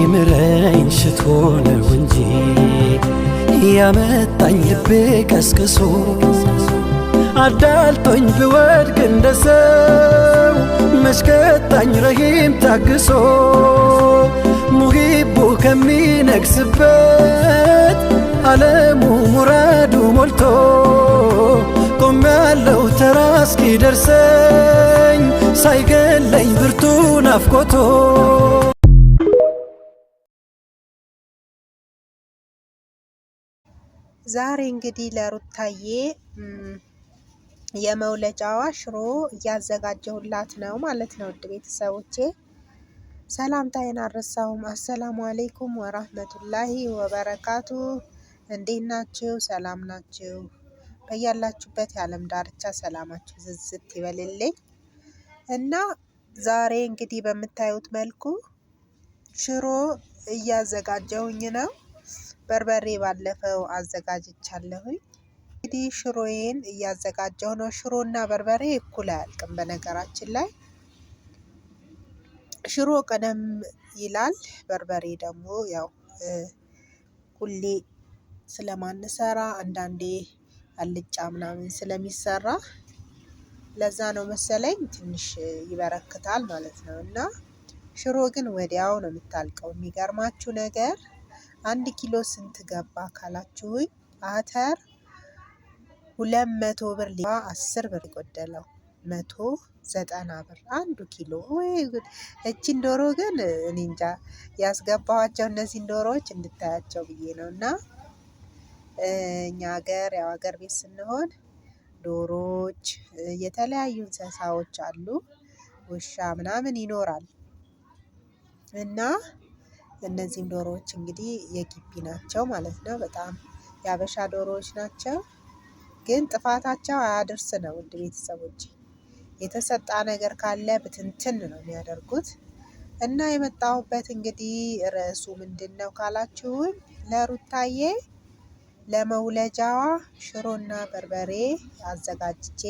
ሊምረኝ ሽቶ ነው እንጂ ያመጣኝ ልቤ ቀስቅሶ አዳልጦኝ ብወድቅ እንደ ሰው መሽከጣኝ ረሂም ታግሶ ሙሂቡ ከሚነግስበት ዓለሙ ሙራዱ ሞልቶ ቆም ያለው ተራ እስኪደርሰኝ ሳይገለኝ ብርቱ ናፍቆቶ ዛሬ እንግዲህ ለሩታዬ የመውለጫዋ ሽሮ እያዘጋጀሁላት ነው ማለት ነው። ውድ ቤተሰቦቼ ሰላምታዬን አልረሳሁም። አሰላሙ አሌይኩም ወራህመቱላሂ ወበረካቱ። እንዴት ናችሁ? ሰላም ናችሁ? በያላችሁበት የዓለም ዳርቻ ሰላማችሁ ዝዝት ይበልልኝ እና ዛሬ እንግዲህ በምታዩት መልኩ ሽሮ እያዘጋጀሁኝ ነው በርበሬ ባለፈው አዘጋጅቻለሁኝ። እንግዲህ ሽሮዬን እያዘጋጀሁ ነው። እና በርበሬ እኩል አያልቅም። በነገራችን ላይ ሽሮ ቀደም ይላል፣ በርበሬ ደግሞ ያው ሁሌ ስለማንሰራ አንዳንዴ አልጫ ምናምን ስለሚሰራ ለዛ ነው መሰለኝ ትንሽ ይበረክታል ማለት ነው። እና ሽሮ ግን ወዲያው ነው የምታልቀው። የሚገርማችሁ ነገር አንድ ኪሎ ስንት ገባ ካላችሁኝ አተር ሁለት መቶ ብር ሊ አስር ብር የጎደለው መቶ ዘጠና ብር አንዱ ኪሎ። እቺን ዶሮ ግን እኔ እንጃ ያስገባኋቸው እነዚህን ዶሮዎች እንድታያቸው ብዬ ነው። እና እኛ ሀገር ያው ሀገር ቤት ስንሆን ዶሮዎች፣ የተለያዩ እንስሳዎች አሉ፣ ውሻ ምናምን ይኖራል እና እነዚህም ዶሮዎች እንግዲህ የግቢ ናቸው ማለት ነው። በጣም የአበሻ ዶሮዎች ናቸው። ግን ጥፋታቸው አያድርስ ነው። ውድ ቤተሰቦች የተሰጣ ነገር ካለ ብትንትን ነው የሚያደርጉት። እና የመጣሁበት እንግዲህ ርዕሱ ምንድን ነው ካላችሁን፣ ለሩታዬ ለመውለጃዋ ሽሮና በርበሬ አዘጋጅቼ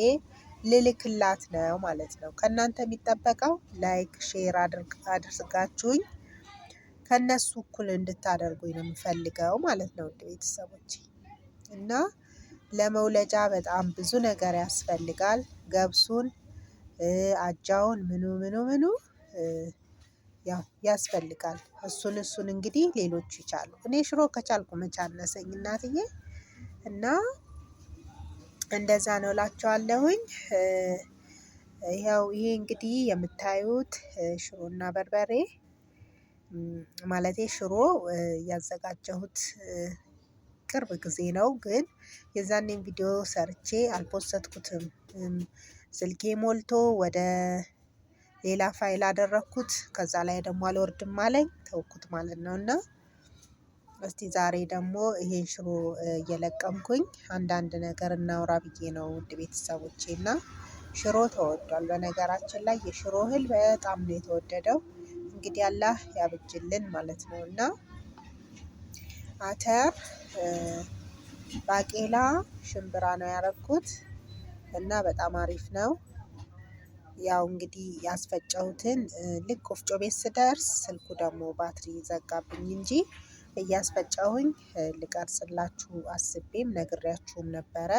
ልልክላት ነው ማለት ነው። ከእናንተ የሚጠበቀው ላይክ፣ ሼር አድርጋችሁኝ ከነሱ እኩል እንድታደርጉኝ ነው የምፈልገው ማለት ነው እንደ ቤተሰቦች እና ለመውለጃ በጣም ብዙ ነገር ያስፈልጋል። ገብሱን፣ አጃውን ምኑ ምኑ ምኑ ያው ያስፈልጋል። እሱን እሱን እንግዲህ ሌሎቹ ይቻሉ። እኔ ሽሮ ከቻልኩ መቼ አነሰኝ እናትዬ እና እንደዛ ነው እላቸዋለሁኝ። ይኸው ይሄ እንግዲህ የምታዩት ሽሮና በርበሬ ማለቴ ሽሮ ያዘጋጀሁት ቅርብ ጊዜ ነው፣ ግን የዛኔን ቪዲዮ ሰርቼ አልፖሰትኩትም። ስልኬ ሞልቶ ወደ ሌላ ፋይል አደረግኩት። ከዛ ላይ ደግሞ አልወርድም አለኝ ተውኩት ማለት ነው። እና እስቲ ዛሬ ደግሞ ይሄን ሽሮ እየለቀምኩኝ አንዳንድ ነገር እናውራ ብዬ ነው ውድ ቤተሰቦቼ። እና ሽሮ ተወዷል። በነገራችን ላይ የሽሮ እህል በጣም ነው የተወደደው። እንግዲህ አላህ ያብጅልን ማለት ነው እና አተር፣ ባቄላ፣ ሽምብራ ነው ያረኩት እና በጣም አሪፍ ነው። ያው እንግዲህ ያስፈጨሁትን ልክ ወፍጮ ቤት ስደርስ ስልኩ ደግሞ ባትሪ ዘጋብኝ እንጂ እያስፈጨሁኝ ልቀርጽላችሁ አስቤም ነግሬያችሁም ነበረ።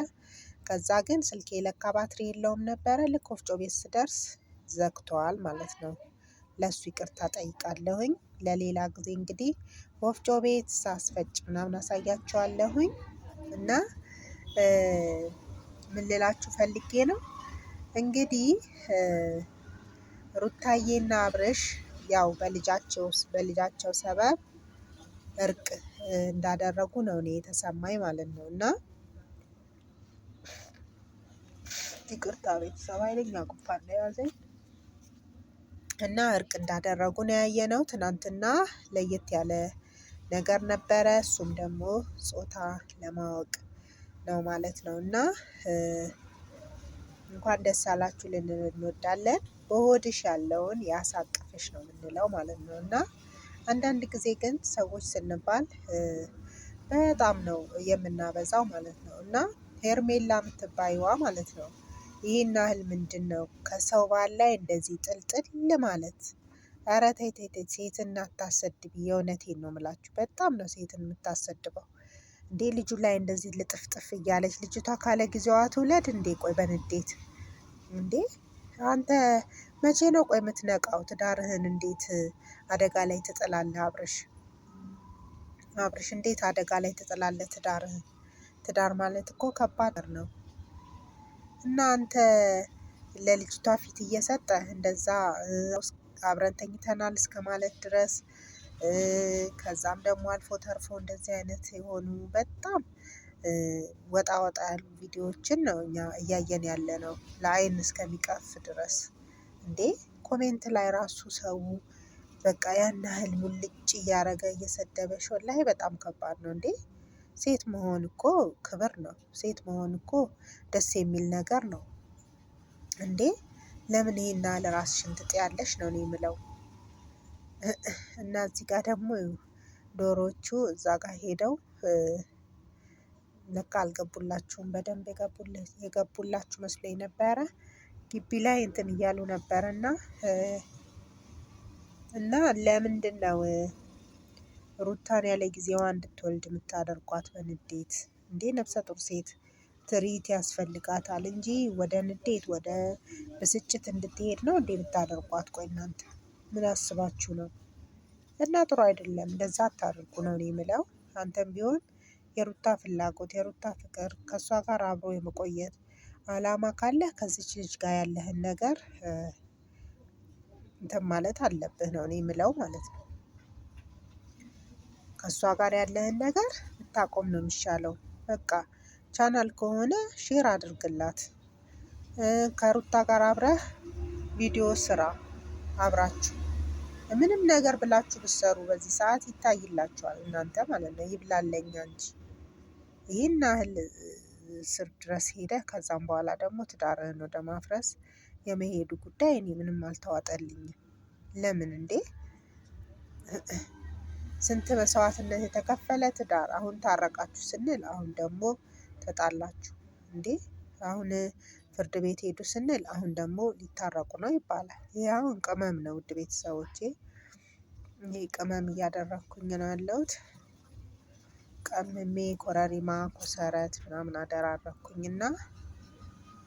ከዛ ግን ስልኬ ለካ ባትሪ የለውም ነበረ። ልክ ወፍጮ ቤት ስደርስ ዘግተዋል ማለት ነው። ለእሱ ይቅርታ ጠይቃለሁኝ። ለሌላ ጊዜ እንግዲህ ወፍጮ ቤት ሳስፈጭ ምናምን አሳያችኋለሁኝ እና ምን ልላችሁ ፈልጌ ነው እንግዲህ ሩታዬና አብርሽ ያው በልጃቸው በልጃቸው ሰበብ እርቅ እንዳደረጉ ነው እኔ የተሰማኝ ማለት ነው እና ይቅርታ ቤተሰብ ኃይለኛ ቁፋ ያዘኝ እና እርቅ እንዳደረጉ ነው ነው። ትናንትና ለየት ያለ ነገር ነበረ። እሱም ደግሞ ጾታ ለማወቅ ነው ማለት ነው እና እንኳን ደስ አላችሁ ልንል እንወዳለን። በሆድሽ ያለውን ያሳቅፍሽ ነው የምንለው ማለት ነው እና አንዳንድ ጊዜ ግን ሰዎች ስንባል በጣም ነው የምናበዛው ማለት ነው እና ሄርሜላ የምትባይዋ ማለት ነው ይህን ያህል ምንድን ነው ከሰው ባል ላይ እንደዚህ ጥልጥል ማለት? ኧረ ተይ ተይ ተይ፣ ሴትን የእውነቴን ነው የምላችሁ፣ በጣም ነው ሴትን የምታሰድበው። እንዴ ልጁ ላይ እንደዚህ ልጥፍጥፍ እያለች ልጅቷ ካለ ጊዜዋ ትውለድ እንዴ? ቆይ በንዴት እንዴ አንተ መቼ ነው ቆይ የምትነቃው? ትዳርህን እንዴት አደጋ ላይ ትጥላለህ? አብርሽ አብርሽ እንዴት አደጋ ላይ ትጥላለህ ትዳርህን? ትዳር ማለት እኮ ከባድ ነው። እናንተ ለልጅቷ ፊት እየሰጠ እንደዛ አብረን ተኝተናል እስከ ማለት ድረስ ከዛም ደግሞ አልፎ ተርፎ እንደዚህ አይነት የሆኑ በጣም ወጣ ወጣ ያሉ ቪዲዮዎችን ነው እኛ እያየን ያለ ነው፣ ለአይን እስከሚቀፍ ድረስ እንዴ። ኮሜንት ላይ ራሱ ሰው በቃ ያን ያህል ሙልጭ እያረገ እየሰደበሽ፣ ላይ በጣም ከባድ ነው እንዴ። ሴት መሆን እኮ ክብር ነው። ሴት መሆን እኮ ደስ የሚል ነገር ነው። እንዴ ለምን ይሄን ያህል ራስሽን ትጥያለሽ ነው እኔ የምለው። እና እዚህ ጋር ደግሞ ዶሮዎቹ እዛ ጋር ሄደው ለካ አልገቡላችሁም። በደንብ የገቡላችሁ መስሎኝ ነበረ። ግቢ ላይ እንትን እያሉ ነበረ እና እና ለምንድን ነው ሩታን ያለ ጊዜዋ እንድትወልድ የምታደርጓት በንዴት እንዴ! ነፍሰ ጡር ሴት ትርኢት ያስፈልጋታል እንጂ ወደ ንዴት ወደ ብስጭት እንድትሄድ ነው እንዴ የምታደርጓት? ቆይ እናንተ ምን አስባችሁ ነው? እና ጥሩ አይደለም። እንደዛ አታደርጉ ነው እኔ የምለው። አንተም ቢሆን የሩታ ፍላጎት የሩታ ፍቅር ከእሷ ጋር አብሮ የመቆየት አላማ ካለህ ከዚች ልጅ ጋር ያለህን ነገር እንትን ማለት አለብህ ነው እኔ የምለው ማለት ነው። ከእሷ ጋር ያለህን ነገር ብታቆም ነው የሚሻለው። በቃ ቻናል ከሆነ ሼር አድርግላት። ከሩታ ጋር አብረህ ቪዲዮ ስራ። አብራችሁ ምንም ነገር ብላችሁ ብትሰሩ በዚህ ሰዓት ይታይላችኋል፣ እናንተ ማለት ነው። ይብላለኛ እንጂ ይህን ያህል ስር ድረስ ሄደ ከዛም በኋላ ደግሞ ትዳርህን ወደ ማፍረስ የመሄዱ ጉዳይ እኔ ምንም አልተዋጠልኝም። ለምን እንዴ? ስንት መስዋዕትነት የተከፈለ ትዳር አሁን ታረቃችሁ ስንል አሁን ደግሞ ተጣላችሁ እንዴ አሁን ፍርድ ቤት ሄዱ ስንል አሁን ደግሞ ሊታረቁ ነው ይባላል። ይህ አሁን ቅመም ነው ውድ ቤተሰቦቼ፣ ይህ ቅመም እያደረግኩኝ ነው ያለሁት። ቀምሜ ኮረሪማ፣ ኮሰረት ምናምን እና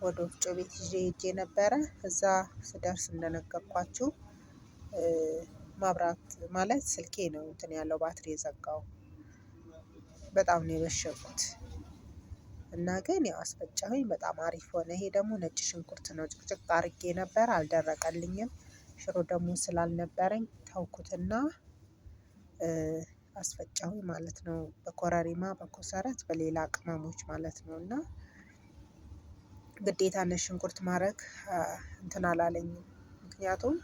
ወደ ወፍጮ ቤት ይዤ ሄጄ ነበረ። እዛ ስደርስ እንደነገርኳችሁ ማብራት ማለት ስልኬ ነው እንትን ያለው ባትሪ የዘጋው በጣም ነው የበሸኩት። እና ግን ያው አስፈጫሁኝ በጣም አሪፍ ሆነ። ይሄ ደግሞ ነጭ ሽንኩርት ነው ጭቅጭቅ አርጌ ነበር አልደረቀልኝም። ሽሮ ደግሞ ስላልነበረኝ ተውኩትና አስፈጨሁኝ ማለት ነው። በኮረሪማ በኮሰረት በሌላ ቅመሞች ማለት ነው እና ግዴታ ነጭ ሽንኩርት ማድረግ እንትን አላለኝም ምክንያቱም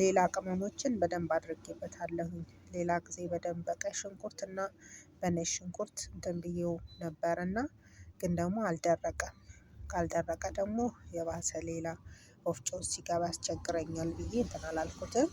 ሌላ ቅመሞችን በደንብ አድርጌበታለሁኝ። ሌላ ጊዜ በደንብ በቀይ ሽንኩርት እና በነጭ ሽንኩርት እንትን ብዬው እና ግን ደግሞ አልደረቀም። ካልደረቀ ደግሞ የባሰ ሌላ ወፍጮ ሲገባ ያስቸግረኛል ብዬ እንትን አላልኩትም